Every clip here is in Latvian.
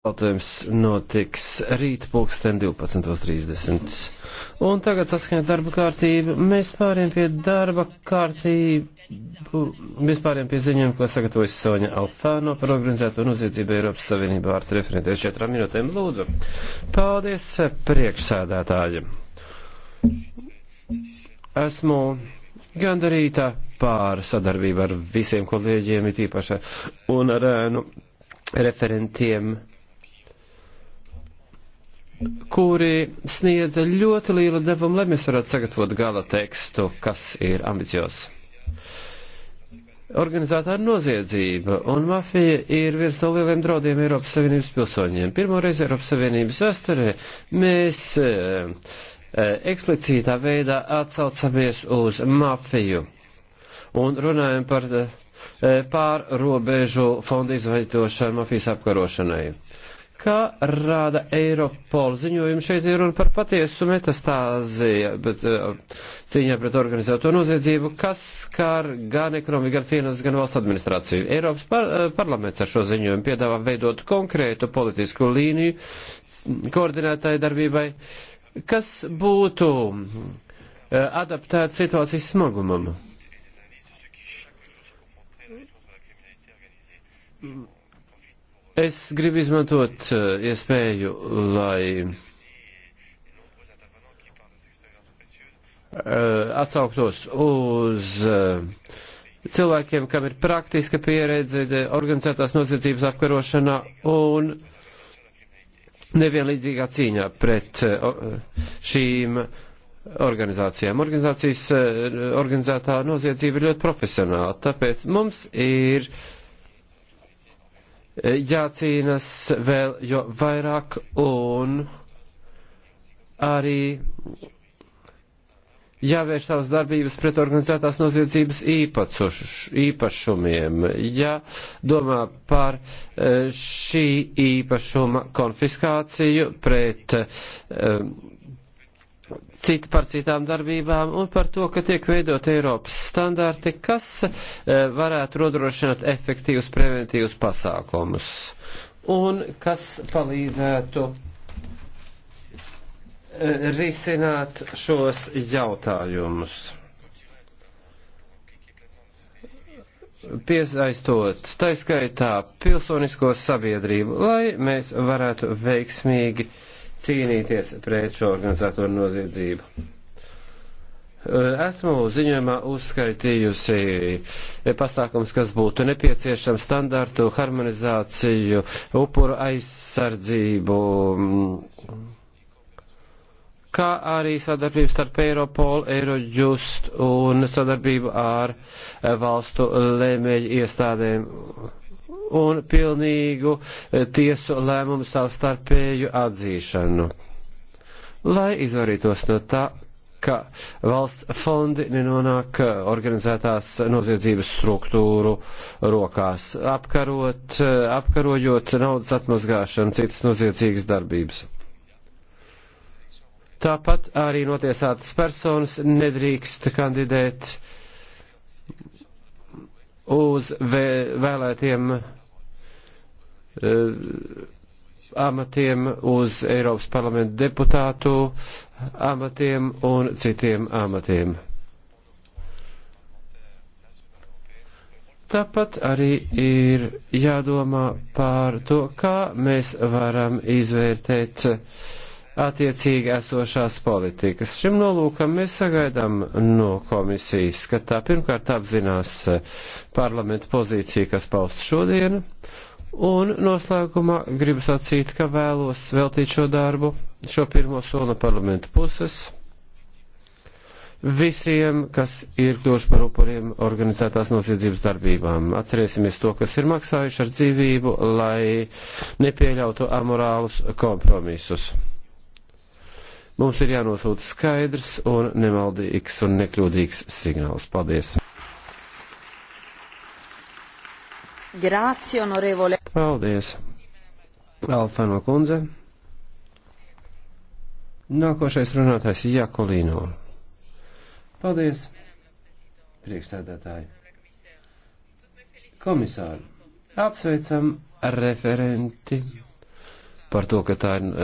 Jautājums notiks rīt pulksten 12.30. Un tagad saskaņā darba kārtība. Mēs pāriem pie darba kārtību, mēs pāriem pie ziņojuma, ko sagatavojas Soņa Alfāno par organizēto noziedzību Eiropas Savienībā vārds referentēs četrām minūtēm. Lūdzu. Paldies priekšsēdētāji. Esmu gandarīta pār sadarbību ar visiem kolēģiem, it īpaši un ar ēnu referentiem kuri sniedza ļoti lielu devumu, lai mēs varētu sagatavot gala tekstu, kas ir ambiciozs. Organizētā noziedzība un mafija ir viens no lieliem draudiem Eiropas Savienības pilsoņiem. Pirmoreiz Eiropas Savienības vēsturē mēs e, e, eksplicītā veidā atsaucamies uz mafiju un runājam par e, pārrobežu fondu izveidošanu mafijas apkarošanai. E, ka rāda Eiropola ziņojumu. Šeit ir runa par patiesu metastāzi, bet eh, cīņā pret organizēto noziedzību, kas skar gan ekonomiku, gan finanses, gan valsts administrāciju. Eiropas par, eh, parlaments ar šo ziņojumu piedāvā veidot konkrētu politisku līniju koordinētāju darbībai, kas būtu eh, adaptēts situācijas smagumam. Mm. Es gribu izmantot eh, iespēju, lai eh, atsauktos uz eh, cilvēkiem, kam ir praktiska pieredze organizētās noziedzības apkarošanā un nevienlīdzīgā cīņā pret šīm organizācijām. Organizācijas organizētā noziedzība ir ļoti profesionāla, tāpēc mums ir uh, jācīnas vēl jo vairāk un arī jāvērš savas darbības pret organizētās noziedzības īpašumiem, ja domā par e, šī īpašuma konfiskāciju pret e, cita par citām darbībām un par to, ka tiek veidot Eiropas standarti, kas eh, varētu nodrošināt efektīvus preventīvus pasākumus un kas palīdzētu eh, risināt šos jautājumus. Piesaistot taiskaitā pilsonisko sabiedrību, lai mēs varētu veiksmīgi uh, cīnīties pret šo organizēto noziedzību. Esmu ziņojumā uzskaitījusi pasākums, kas būtu nepieciešams standartu harmonizāciju, upuru aizsardzību, kā arī sadarbību starp Eiropolu, Eirojust un sadarbību ar valstu lēmēju iestādēm un pilnīgu eh, tiesu lēmumu savstarpēju atzīšanu, lai izvarītos no tā, ka valsts fondi nenonāk eh, organizētās noziedzības struktūru rokās, apkarot, eh, apkarojot naudas atmazgāšanu citas noziedzīgas darbības. Tāpat arī notiesātas personas nedrīkst kandidēt uh, uz vēlētiem e, amatiem, uz Eiropas parlamentu deputātu amatiem un citiem amatiem. Tāpat arī ir jādomā par to, kā mēs varam izvērtēt uh, attiecīgi esošās politikas. Šim nolūkam mēs sagaidām no komisijas, ka tā pirmkārt apzinās eh, parlamentu pozīciju, kas paust šodien, un noslēgumā gribu sacīt, ka vēlos veltīt šo darbu, šo pirmo soli no parlamentu puses visiem, kas ir kļuvuši par upuriem organizētās noziedzības darbībām. Atcerēsimies to, kas ir maksājuši ar dzīvību, lai nepieļautu amorālus kompromisus. Mums ir jānosūta skaidrs un nemaldīgs un nekļūdīgs signāls. Paldies! Grāci, onorevole. Paldies! Alfano kundze. Nākošais runātājs Jakolīno. Paldies! Priekšsēdētāji. Komisāri, apsveicam referenti par to, ka tā ir e,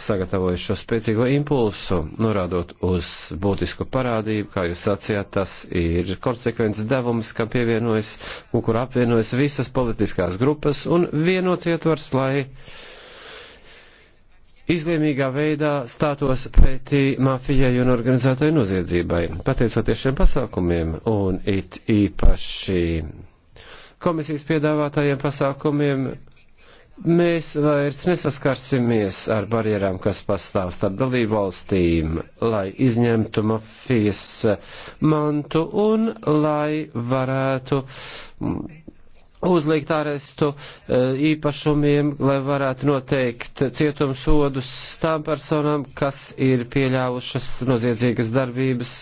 sagatavojuši šo spēcīgo impulsu, norādot uz būtisku parādību, kā jūs sacījāt, tas ir konsekvences devums, kam pievienojas un kur apvienojas visas politiskās grupas un vienots ietvars, lai izlēmīgā veidā stātos pretī mafijai un organizētai noziedzībai. Pateicoties šiem pasākumiem un it īpaši komisijas piedāvātajiem pasākumiem, mēs vairs nesaskarsimies ar barjerām, kas pastāv starp dalību valstīm, lai izņemtu mafijas mantu un lai varētu mm, uzlikt arestu eh, īpašumiem, lai varētu noteikt cietumsodus tām personām, kas ir pieļāvušas noziedzīgas darbības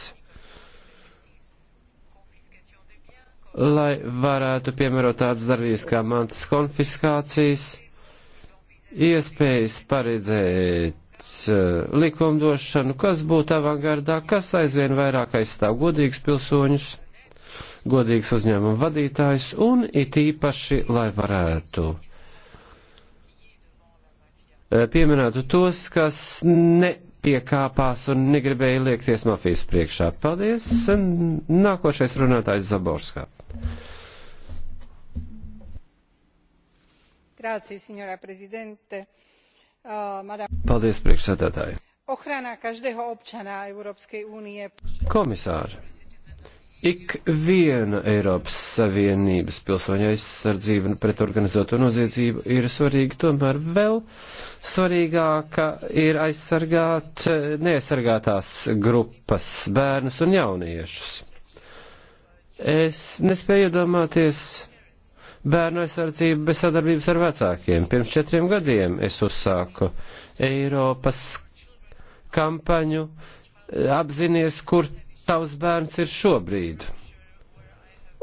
lai varētu piemērot tādas darbības kā mantas konfiskācijas, iespējas paredzēt uh, likumdošanu, kas būtu avangardā, kas aizvien vairāk aizstāv godīgus pilsoņus, godīgs uzņēmumu vadītājs un it īpaši, lai varētu uh, pieminētu tos, kas nepiekāpās un negribēja liekties mafijas priekšā. Paldies! Nākošais runātājs Zaborskā. Grācijas, signora prezidente. Uh, Paldies, priekšsēdētāji. Ochrana každého občana Európskej únie. Komisāri, ik viena Eiropas Savienības pilsoņa aizsardzība pret organizēto noziedzību ir svarīga, tomēr vēl svarīgāka ir aizsargāt neaizsargātās grupas bērnus un jauniešus. Es nespēju iedomāties bērnu aizsardzību bez sadarbības ar vecākiem. Pirms četriem gadiem es uzsāku Eiropas kampaņu apzinies, kur tavs bērns ir šobrīd.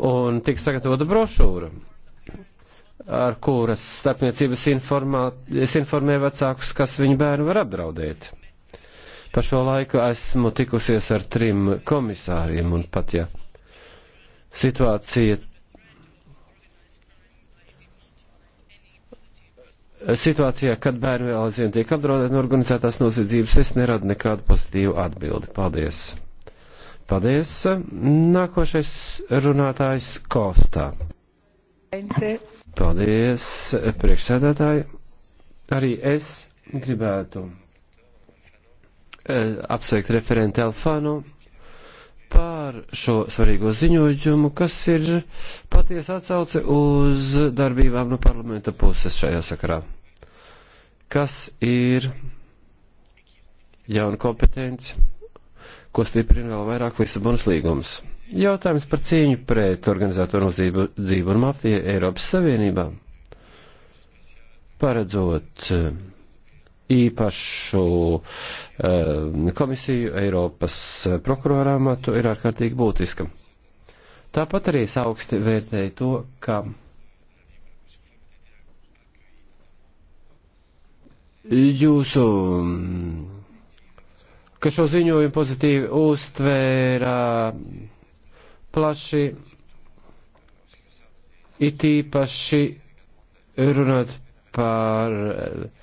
Un tik sagatavota brošūra, ar kuras starpniecības informā, es informēju vecākus, kas viņu bērnu var apdraudēt. Pa šo laiku esmu tikusies ar trim komisāriem un pat ja situācija situācijā, kad bērni vēl aizvien tiek apdraudēti no organizētās noziedzības, es neradu nekādu pozitīvu atbildi. Paldies! Paldies! Nākošais runātājs Kostā. Paldies, priekšsēdētāji! Arī es gribētu eh, apsveikt referentu Elfānu par šo svarīgo ziņojumu, kas ir patiesa atsauce uz darbībām no parlamenta puses šajā sakarā. Kas ir jauna kompetence, ko stiprina vēl vairāk Lisabonas līgums? Jautājums par cīņu pret organizēto nozību un mafiju Eiropas Savienībā. Paredzot īpašu eh, komisiju Eiropas prokurorā matu ir ārkārtīgi būtiska. Tāpat arī es augsti vērtēju to, ka jūsu, ka šo ziņojumu pozitīvi uztvēra plaši, it īpaši runāt par uh,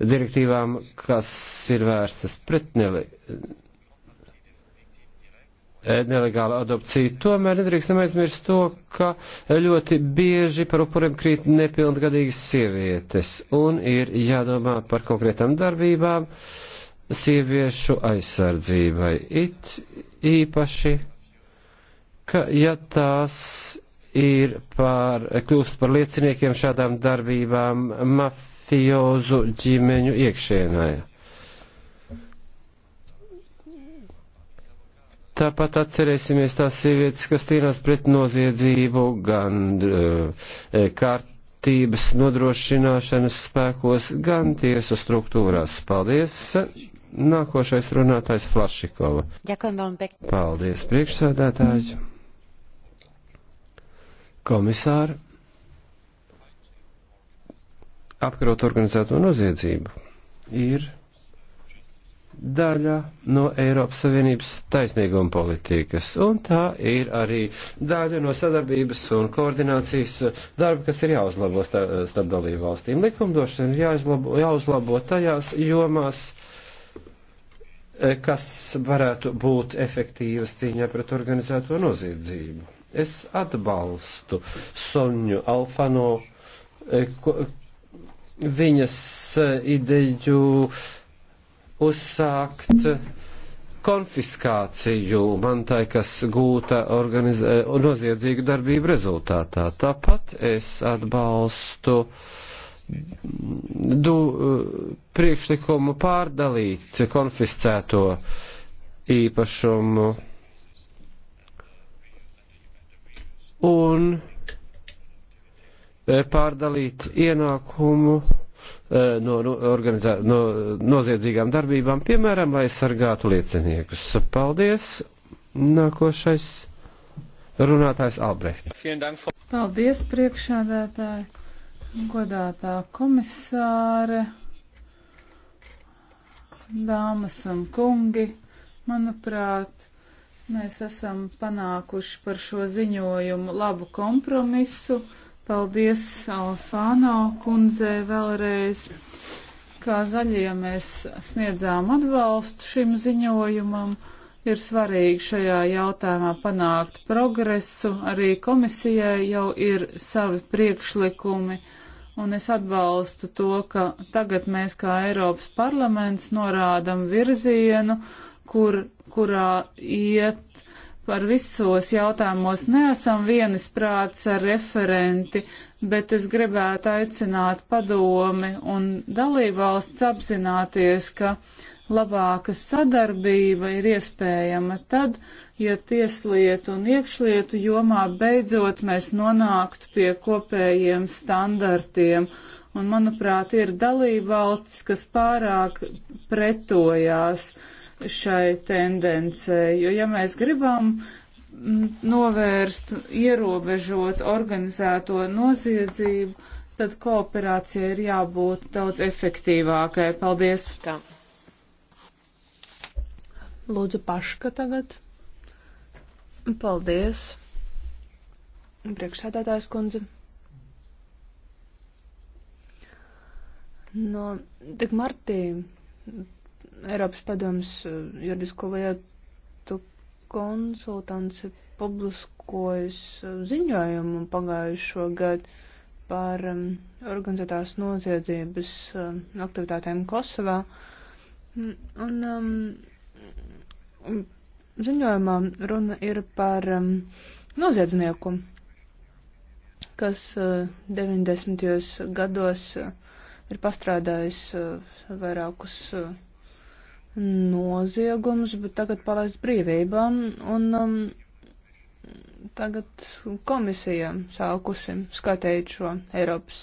direktīvām, kas ir vērstas pret nele, nelegālu adopciju. Tomēr nedrīkstam aizmirst to, ka ļoti bieži par upuriem krīt nepilngadīgas sievietes un ir jādomā par konkrētām darbībām sieviešu aizsardzībai. It īpaši, ka ja tās ir par, kļūst par lieciniekiem šādām darbībām, maf mafiozu ģimeņu iekšienē. Tāpat atcerēsimies tās sievietes, kas cīnās pret noziedzību, gan uh, kārtības nodrošināšanas spēkos, gan tiesu struktūrās. Paldies! Nākošais runātājs Flašikova. Paldies, priekšsēdētāji! Komisāri! apkarot organizēto noziedzību ir daļa no Eiropas Savienības taisnīguma politikas, un tā ir arī daļa no sadarbības un koordinācijas darba, kas ir jāuzlabo starp dalību valstīm. Likumdošana ir jāuzlabo, jāuzlabo tajās jomās, eh, kas varētu būt efektīvas cīņā pret organizēto noziedzību. Es atbalstu Soņu Alfano eh, viņas eh, ideju uzsākt konfiskāciju mantai, kas gūta eh, noziedzīgu darbību rezultātā. Tāpat es atbalstu du, eh, priekšlikumu pārdalīt konfiscēto īpašumu un E, pārdalīt ienākumu e, no, no, organizā, no noziedzīgām darbībām, piemēram, lai sargātu lieciniekus. Paldies! Nākošais runātājs Albrechts. Paldies, priekšādētāji, godātā komisāre, dāmas un kungi. Manuprāt, mēs esam panākuši par šo ziņojumu labu kompromisu Paldies Alfāno kundzē vēlreiz, kā zaļie mēs sniedzām atbalstu šim ziņojumam. Ir svarīgi šajā jautājumā panākt progresu, arī komisijai jau ir savi priekšlikumi un es atbalstu to, ka tagad mēs kā Eiropas parlaments norādam virzienu, kur, kurā iet par visos jautājumos neesam vienisprāts ar referenti, bet es gribētu aicināt padomi un dalībvalsts apzināties, ka labāka sadarbība ir iespējama tad, ja tieslietu un iekšlietu jomā beidzot mēs nonāktu pie kopējiem standartiem. Un, manuprāt, ir dalībvalsts, kas pārāk pretojās uh, šai tendencei, jo ja mēs gribam mm, novērst, ierobežot organizēto noziedzību, tad kooperācija ir jābūt daudz efektīvākai. Paldies! Kā? Lūdzu, paška tagad. Paldies. Priekšsēdētājs kundze. No, tik Martī Eiropas padomas uh, juridisko lietu konsultants ir publiskojis uh, ziņojumu pagājušo gadu par um, organizētās noziedzības um, aktivitātēm Kosovā. Mm, un um, ziņojumā runa ir par um, noziedznieku, kas uh, 90. gados uh, ir pastrādājis uh, vairākus. Uh, noziegums, bet tagad palaist brīvībā. Un um, tagad komisija sākusi skatīt šo Eiropas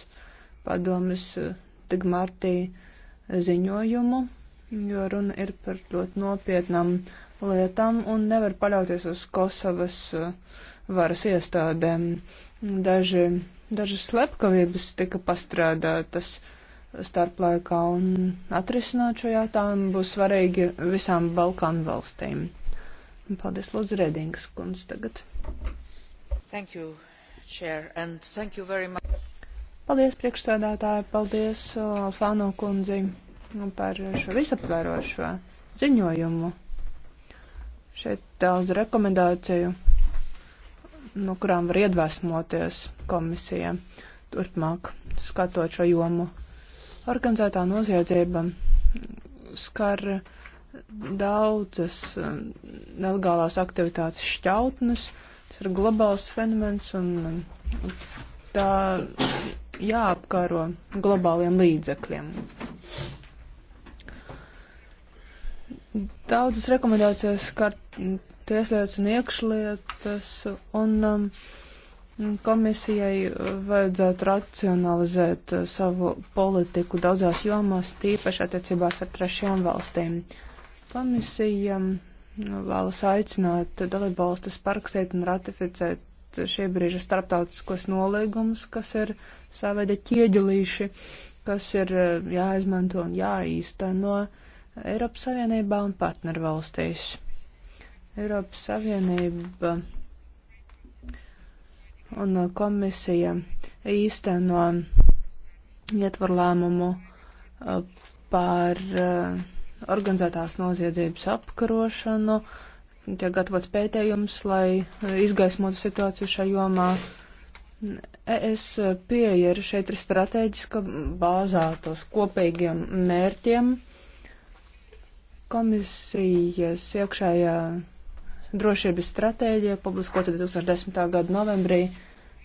padomes uh, Digmārtī uh, ziņojumu, jo runa ir par ļoti nopietnām lietām un nevar paļauties uz Kosovas uh, varas iestādēm. Daži, daži slepkavības tika pastrādātas. Uh, starplaikā un atrisināt šo jautājumu būs svarīgi visām Balkānu valstīm. Paldies, Lūdzu, Redingas kundze tagad. Thank you, Chair, and thank you very much. Paldies, priekšsēdētāji, paldies Alfāno kundzi par šo visaptvērošo ziņojumu. Šeit daudz rekomendāciju, no kurām var iedvesmoties komisija turpmāk skatot šo jomu. Organizētā noziedzība skar daudzas um, nelegālās aktivitātes šķautnes. Tas ir globāls fenomens un um, tā jāapkaro globāliem līdzekļiem. Daudzas rekomendācijas skar tieslietas un iekšlietas un um, Komisijai uh, vajadzētu racionalizēt uh, savu politiku daudzās jomās, tīpaši attiecībās ar trešajām valstīm. Komisija um, vēlas aicināt dalībvalstis parakstīt un ratificēt šī brīža starptautiskos nolīgumus, kas ir savveida ķieģelīši, kas ir uh, jāizmanto un jāīsteno Eiropas Savienībā un partnervalstīs. Eiropas Savienība un komisija īsteno ietvarlēmumu uh, par uh, organizētās noziedzības apkarošanu. Tiek gatavots pētījums, lai uh, izgaismotu situāciju šajā jomā. Es pieeja ir šeit ir strateģiska bāzēta uz kopīgiem mērķiem. Komisijas iekšējā drošības stratēģija publiskota 2010. gada novembrī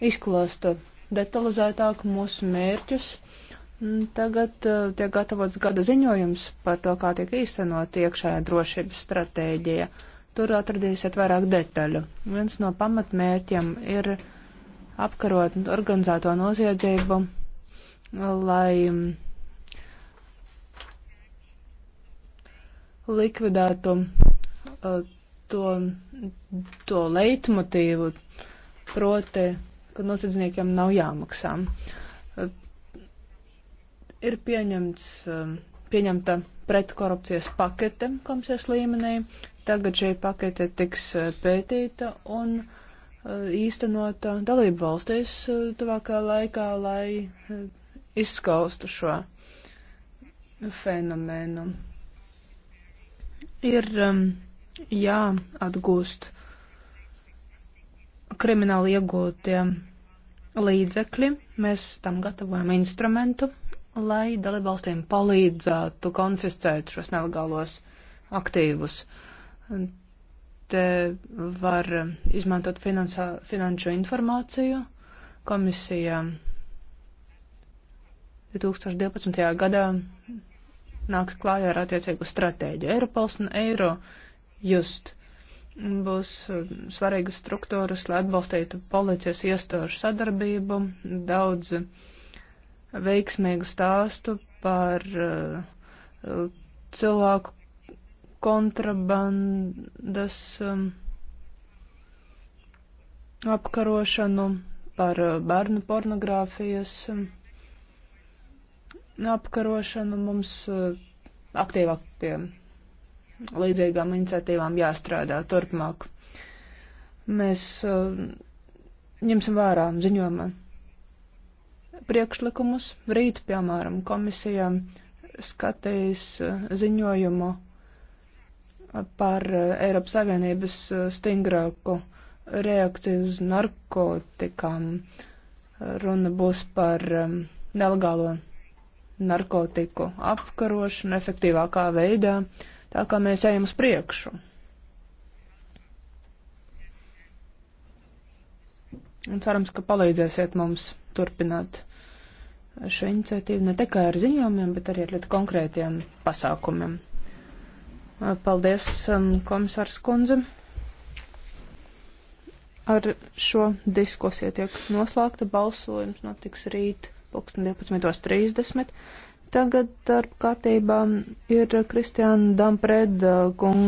izklāsta detalizētāk mūsu mērķus. Tagad uh, tiek gatavots gada ziņojums par to, kā tiek īstenot iekšējā drošības stratēģija. Tur atradīsiet vairāk detaļu. Viens no pamatmērķiem ir apkarot organizēto noziedzību, lai um, likvidētu uh, to, to leitmotīvu, proti ka noziedzniekiem nav jāmaksā. Ir pieņemts, um, pieņemta pretkorupcijas pakete komisijas līmenī. Tagad šī pakete tiks uh, pētīta un uh, īstenota dalību valstīs uh, tuvākā laikā, lai izskaustu šo fenomenu. Ir um, jāatgūst uh, krimināli iegūtie līdzekļi. Mēs tam gatavojam instrumentu, lai dalībvalstīm palīdzētu konfiscēt šos nelegālos aktīvus. Te var izmantot finansā, finanšu informāciju. Komisija 2012. gadā nāks klājā ar attiecīgu stratēģiju Eiropals un Eiro just būs um, svarīgas struktūras, lai atbalstītu policijas iestāžu sadarbību, daudz veiksmīgu stāstu par uh, cilvēku kontrabandas um, apkarošanu, par uh, bērnu pornogrāfijas um, apkarošanu mums uh, aktīvāk pie līdzīgām iniciatīvām jāstrādā turpmāk. Mēs uh, ņemsim vērā ziņojumā priekšlikumus. Rīt, piemēram, komisijā skatīs uh, ziņojumu par uh, Eiropas Savienības uh, stingrāku reakciju uz narkotikām. Runa būs par um, nelegālo narkotiku apkarošanu efektīvākā veidā. Uh, Tā kā mēs ejam uz priekšu. Un cerams, ka palīdzēsiet mums turpināt šo iniciatīvu ne tikai ar ziņojumiem, bet arī ar ļoti konkrētiem pasākumiem. Paldies, um, komisārs Kundze. Ar šo diskusiju tiek noslēgta balsojums, notiks rīt 12.30. Tagad darba kārtībā ir Kristiāna Dampreda kunga.